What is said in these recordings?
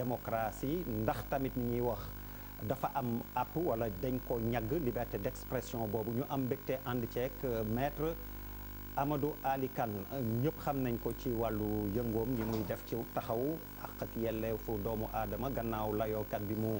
démocratie ndax tamit ni ñuy wax dafa am àpp wala dañ ko ñagg liberté d'expression boobu ñu am mbégte ànd ceek euh, maître Amadou Ali Kane ñëpp xam nañ ko ci wàllu yëngoom yi muy def ci taxaw ak ak yelleefu doomu aadama gannaaw layookat bi mu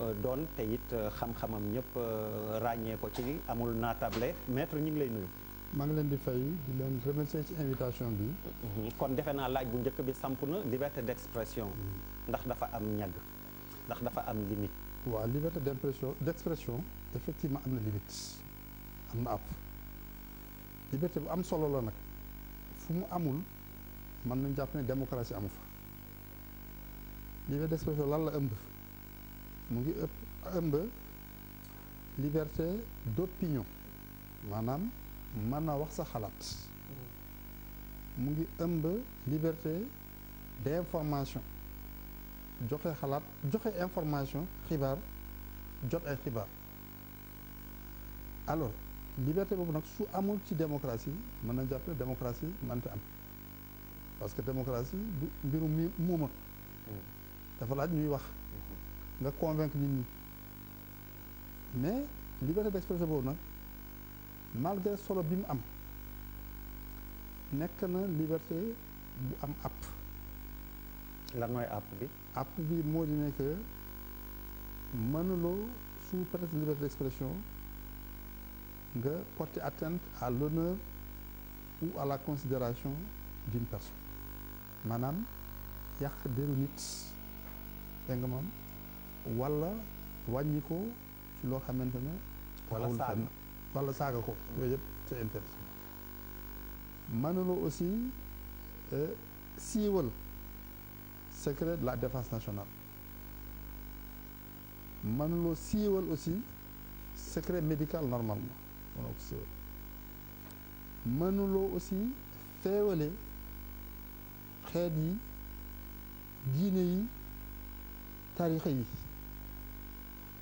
euh, doon te it euh, xam-xamam ñëpp ràññee ko ci amul naatable maître ñu ngi lay nuyu maa ngi leen bi fay di leen remercier ci invitation bi. Mhm. kon defe naa laaj bu njëkk bi samp na liberté d'expression. Mhm. ndax dafa am ñag ndax dafa am limite. waaw liberté d'impression d'expression effectivement am na limite am na ab liberté bu am solo la nag fu mu amul mën nañu jàpp ne démocratie amu fa. liberté d'expression lan la ëmb mu ngi ëpp ëmb liberté d'opinion maanaam. mën a wax sa xalaat mu ngi ëmb liberté d'information joxe xalaat joxe information xibaar jot ay xibaar alors liberté boobu nag su amul ci démocratie mën na jàpp ne démocratie mënta am parce que démocratie du mbiru mi muuma dafa laaj ñuy wax mhm. nga convaincre nit ñi mais liberté d'expression boobu nag malgré solo bi mu am nekk na liberté bu am app lan mooy app bi app bi moo di nekk que mënuloo sous prétexte liberté d'expression nga porter atteinte à l'honneur ou à la considération d'une personne maanaam yàq deru nit dégg nga ci loo xamante ne walla wala wala saaga ko yooyu yëpp c'est interdit mënuloo aussi euh, siiwal secret de la défense nationale mënuloo siiwal aussi secret médical normalement mënoo aussi feewale xeet yi diine yi tarixa yi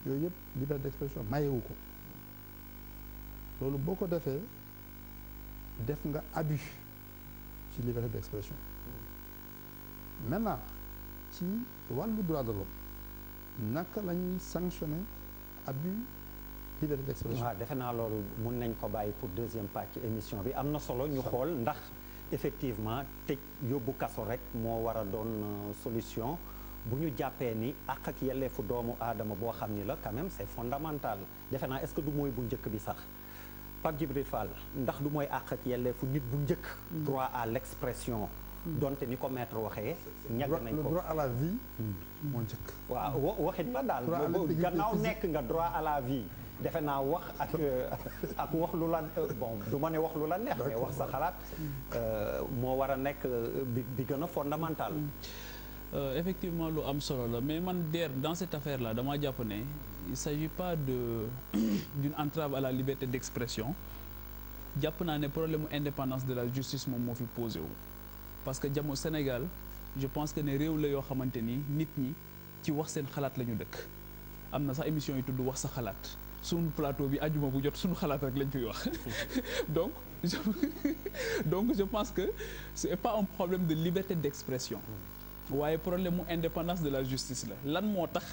yooyu yëpp liberté d'expression mayewu ko loolu boo ko defee def nga abus ci liberté d'expression maintenant ci wàllu droit de l'homme naka la ñuy sanctionner abus liberté d'expression waaw ah, defe naa lool mun nañ ko bàyyi pour deuxième partie émission bi am na solo ñu xool ndax effectivement tëj yóbbu kaso rek moo war a doon euh, solution bu ñu jàppee ni àq ak yelleefu doomu aadama boo xam ni la quand même c'est fondamental defe naa est-ce que du mooy bu njëkk bi sax Pape Djibril Fall ndax du mooy àq ak yelleefu nit bu njëkk mm. droit à l'expression mm. donte ni ko maître waxee ñàgg nañ ko droit à mm. moo njëkk waaw waxit la daal gannaaw nekk nga droit à la vie defe naa wax ak euh, ak wax lu la euh, bon du ma ne wax lu la neex mais wax sa xalaat euh, moo war a nekk bi bi gën a fondamental Euh, effectivement lu am solo la mais man DER dans cette affaire là dama jàpp ne il s'agit pas de d'une entrave à la liberté d'expression jàpp naa ne problème mu indépendance de la justice moom moo fi posé wu. parce que jamono Sénégal je pense que ne réew la yoo xamante ni nit ñi ci wax seen xalaat la ñu dëkk am na sa émission yi tudd wax sa xalaat suñu plateau bi ajuma bu jot suñu xalaat rek lañ fiy wax donc je... pense que c'est pas un problème de liberté d'expression. waaye problème mu indépendance de la justice la lan moo tax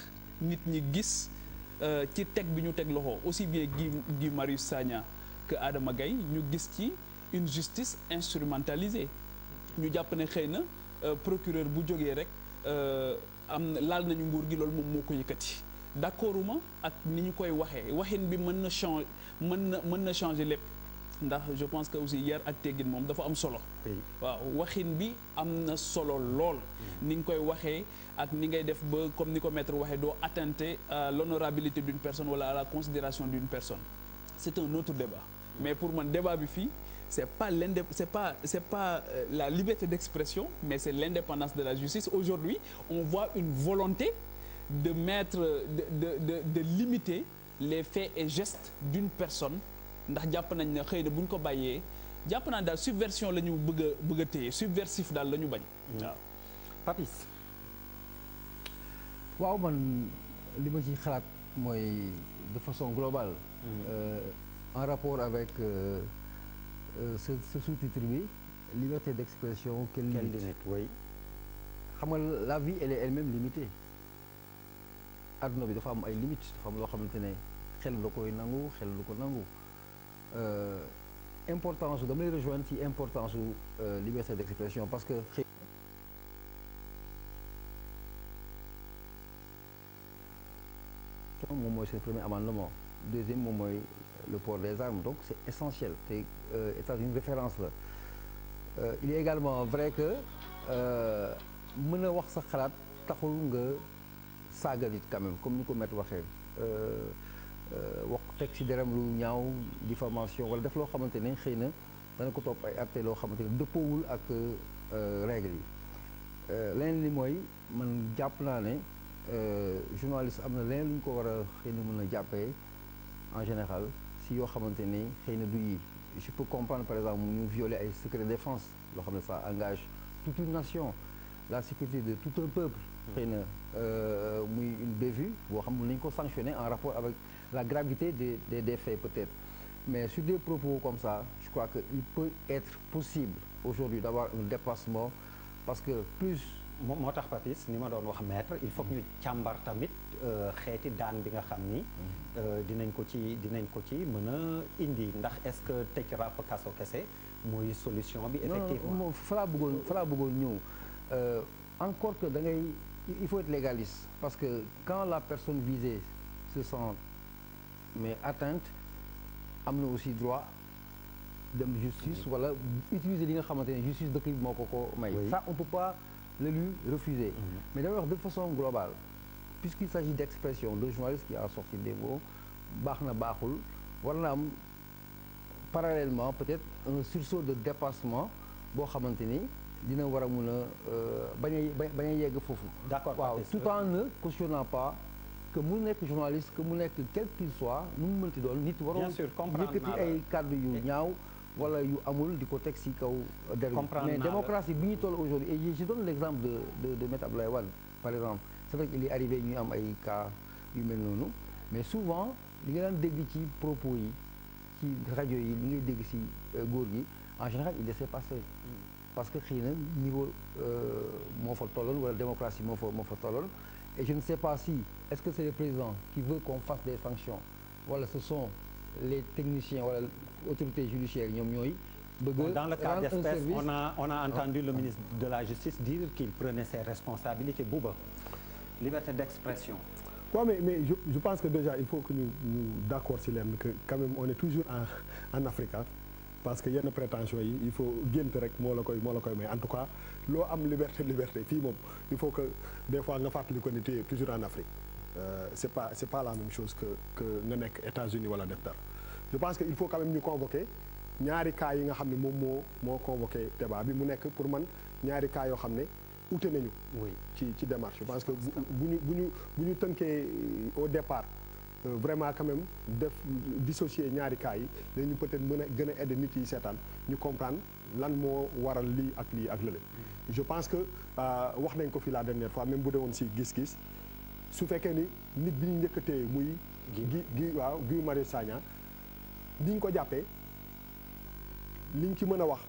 nit ñi gis euh, ci teg bi ñu teg loxo aussi bien Guy Guy Marius Sagna que Adama Gaye ñu gis ci une justice instrumentalisée ñu jàpp ne xëy na euh, procureur bu jógee rek euh, am laal nañu nguur gi loolu moom moo ko yëkkati d'accorduma ak ni ñu koy waxee waxin bi mën na change mën na mën na changer lépp ndax je pense que aussi yar ak teggin moom dafa am solo waaw waxin bi am na solo lool mm. ni nga koy waxee ak ni ngay def ba comme ni ko maître waxee doo attenter à l'honorabilité d'une personne wala à la considération d'une personne c'est un autre débat mais pour man débat bi fii c'est pas l'indép c'est pas c'est pas euh, la liberté d'expression mais c'est l'indépendance de la justice aujourd'hui on voit une volonté de mettre de de de, de limiter les faits et gestes d'une personne ndax jàpp nañ ne xëy na bu ñu ko bàyyee jàpp naa daal subversion la ñu bëgg a bëgg a subversif daal lañu ñu bañ. Mm. waaw Papis. waaw man li ma ci xalaat mooy de façon globale. Mm. Euh, en rapport avec euh, euh, ce ce sous-titre bi liberté d'expression. quelle limite way xam la vie elle est elle-même bi dafa am ay limites dafa am loo xamante ne xel la koy nangu xel lu ko nangu. Euh, importance su dama lay rejoindre ci importance su euh, liberté d'expression parce que xëy moom mooy seen premier amendement deuxième moom mooy le port des armes donc c'est essentiel te euh, États-Unis référence la il est également vrai que mën a wax sa xalaat taxul nga saaga nit quand comme ni ko met waxee Euh, wax teg si deram lu ñaaw di diffamation wala def loo xamante ne xëy na dana ko topp ay atte loo xamante ne dëppoowul ak euh, règle yi euh, leneen li mooy man jàpp naa ne journaliste am na leneen lu ñu ko war a xëy na mën a jàppee en général si yoo xamante ni xëy na du yi je peux comprendre par exemple ñu violer ay secret défense loo xam ne ça engage tout une nation la sécurité de tout un peuple mm. xëy na muy une bévue boo xam ne nañu ko sanctionner en rapport avec la gravité des, des, des faits peut-être. Mais sur des propos comme ça, je crois qu'il peut être possible aujourd'hui d'avoir un dépassement parce que plus moom moo tax papis ni ma doon wax maître il faut que ñu càmbar tamit euh, xeeti daan bi nga xam ni mm-hmm. euh, dinañ ko ci dinañ ko ci mën a indi ndax est-ce que tëj ràpp kaso kese mooy solution bi effectivement falaa bëggoon falaa bëggoon ñëw euh, encore que da ngay il faut être légaliste parce que quand la personne visée se sent mais atteinte am na aussi droit dem justice wala mm utiliser li nga xamante ne justice dëkk bi moo ko ko may ça on peut pas le lui refuser mm -hmm. mais damay wax de façon globale puisqu'il s'agit d'expression de journaliste qui a sorti des mots baax na baaxul war na am parallèlement peut-être un sursaut de dépassement boo xamante ni dina war a mun a euh, bañ a bañ a yegg foofu d'accord waaw tout en ne cautionnant pas que mu nekk journaliste que mu nekk quel qu'il soit nu mu mënti doon nit waroo yëkkati ay kàddu yu ñaaw wala yu amul di ko teg si kaw der mais démocratie bi ñu toll aujourd'hui et je donne l'exemple de de de Maître par exemple c'est vrai qu'il est arrivé ñuy am ay cas yu mel noonu mais souvent li nga daan dégg ci propos yi ci rajo yi li ngay dégg si euh, góor gi en général il laissait passer mm. parce que xëy na niveau euh, moo fa tolloon wala démocratie moo fa moo fa tolloon Et je ne sais pas si, est-ce que c'est le président qui veut qu'on fasse des sanctions Voilà, ce sont les techniciens, voilà, l'autorité judiciaire, Dans le cas d'espèce, on a, on a entendu ah. le ministre de la Justice dire qu'il prenait ses responsabilités. Bouba, liberté d'expression. Oui, mais, mais je, je, pense que déjà, il faut que nous nous d'accord sur que quand même, on est toujours en, en Afrique. Hein. parce que yenn prétention yi il faut gént rek moo la koy moo la koy may en tout cas loo am liberté liberté fii moom il faut que des fois nga fàttali ko ni tu es toujours en Afrique euh, pas c' pas la même chose que que nga nekk États-Unis wala def dara je pense que il faut quand même ñu convoquer ñaari cas yi nga xam ne moom moo moo convoqué débat bi mu nekk pour man ñaari cas yoo xam ne ute nañu. mooy ci ci démarche je que bu ñu bu ñu bu ñu tënkee au départ. Euh, vraiment quand même def dissocier ñaari kaay yi dañu peut-être mën a gën a aider nit yi seetaan ñu comprendre lan moo waral lii ak lii ak lële je pense que euh, wax nañ ko fi la dernière fois même bu dee woon si gis-gis su fekkee ni nit bi ñu njëkkatee muy gi gi waaw Guy Marius Sagna bi ñu ko jàppee liñ ci mën a wax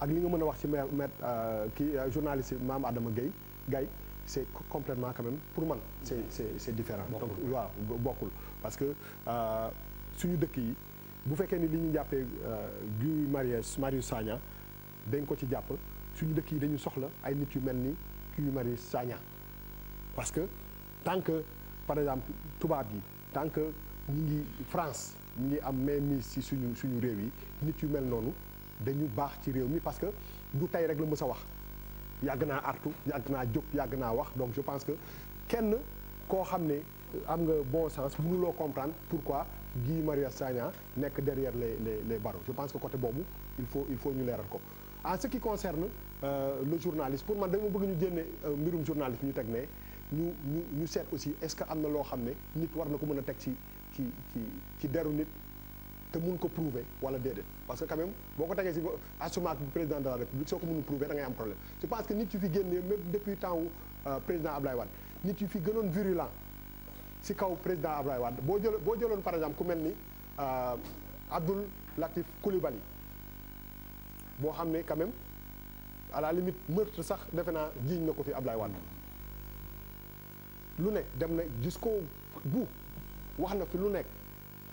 ak li nga mën a wax ci maître euh, kii journaliste Mame Adama Guèye Guèye c'est complètement quand même pour man c'est mm-hmm. c'est c'est différent donc waaw bokkul parce que euh, suñu dëkk yi bu fekkee ni li ñu jàppee euh, Guy Marius Marius Sagna dañ ko ci jàpp suñu dëkk yi dañu soxla ay nit yu mel ni Guy Marius Sagna parce que tant que par exemple tubaab yi tant que ñu ngi France ñu ngi am mainmise ci suñu suñu réew yi nit yu mel noonu dañu baax ci réew mi parce que du tey rek la mës a wax yàgg naa artu yàgg naa jóg yàgg naa wax donc je pense que kenn koo xam ne euh, am nga bon sens mënuloo comprendre pourquoi Guy Marius Sagna nekk derrière le les les barreaux je pense que côté boobu il faut il faut ñu leeral ko en ce qui concerne euh, le journaliste pour man dama bëgg ñu jénne euh, mbirum journaliste ñu teg nee ñu ñu ñu seet aussi est-ce que am na loo xam ne nit war na ko mën a teg ci ci ci ci deru nit te mun ko prouver wala déedéet parce que quand boo ko tegee si assumac bi président de la république soo ko mënul prouver da am problème je pense que nit yu fi génnee même depuis temps wu euh, président Ablaye Wade nit yu fi gënoon virulent si kaw président Ablaye Wade boo jël boo jëloon par exemple ku mel ni euh, Abdoul Latif Coulibaly boo xam ne quand même à la limite meurtre sax defe naa jiiñ na ko fi Ablaye Wade lu ne dem na jusqu'au bout wax na fi lu nekk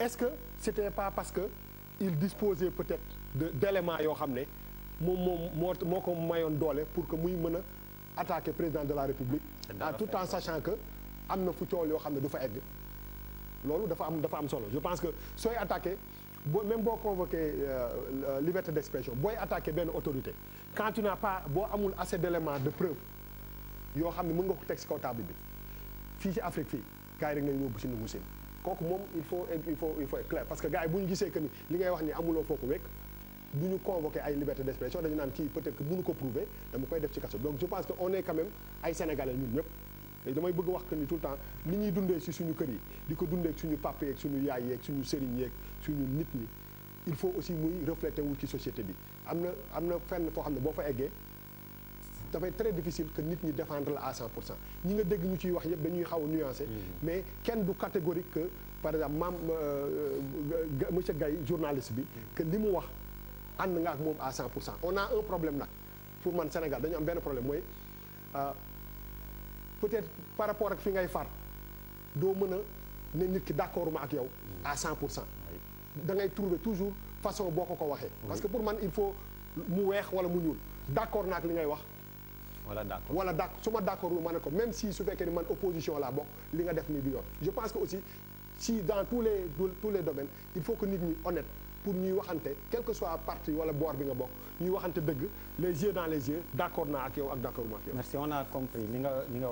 est-ce que c'était pas parce que il disposait peut-être de d'éléments yoo xam ne moom moom moo moo ko mayoon doole pour que muy mën a attaquer président de la république en tout temps sachant que am na fu coow yoo xam ne du fa loolu dafa am dafa am solo je pense que sooy attaqué boo même boo convoqué euh, liberté d'expression booy attaqué benn autorité quand tu pas boo amul assez d'éléments de preuve yoo xam ne mën nga ko teg ci kaw table bi fii ci Afrique fii gars yi rek ci nu mu kooku moom il faut il faut il faut être clair parce que gars yi bu ñu gisee que ni li ngay wax ni amuloo foo ko wekk du ñu convoqué ay liberté d'expression dañu naan kii peut-être que mënu ko prouver dama koy def ci kaso donc je pense que on est quand même ay sénégalais ñun ñëpp damay bëgg wax que ni tout le temps li ñuy dundee si suñu kër yi di ko dundee ak suñu papa yeeg suñu yaay yeeg suñu sëriñ yeeg suñu nit ñi il faut aussi muy refléter wul ci société bi am na am na fenn foo xam ne boo fa eggee dafay très difficile que nit ñi défendre la à 100 pour cent ñi nga dégg ñu ciy wax yëpp dañuy xaw a nuancé mm-hmm. mais kenn du catégorique par exemple maam euh, euh, monsieur Gaye journaliste bi mm-hmm. que li mu wax ànd nga ak moom à 100 pour cent on a un problème nag pour man Sénégal dañu am benn problème mooy euh, peut-être par rapport ak fi ngay far doo mën a ne nit ki d'accord ma ak yow mm-hmm. à 100 pour cent dangay trouver toujours façon boo ko ko waxee parce que pour man il faut mu weex wala mu ñuul d'accord naa ak li ngay wax wala d'accord wala d'accord su ma d'accordul ma ne ko même si su fekkee ni man opposition laa bokk li nga def nii du yoon je pense que aussi si dans tous les tous les domaines il faut que nit ñi honnête pour ñuy waxante quel que soit parti wala boor bi nga bokk ñuy waxante dëgg les yeux dans les yeux d'accord naa ak yow ak d'accord ma ak yow merci on a compris li nga li nga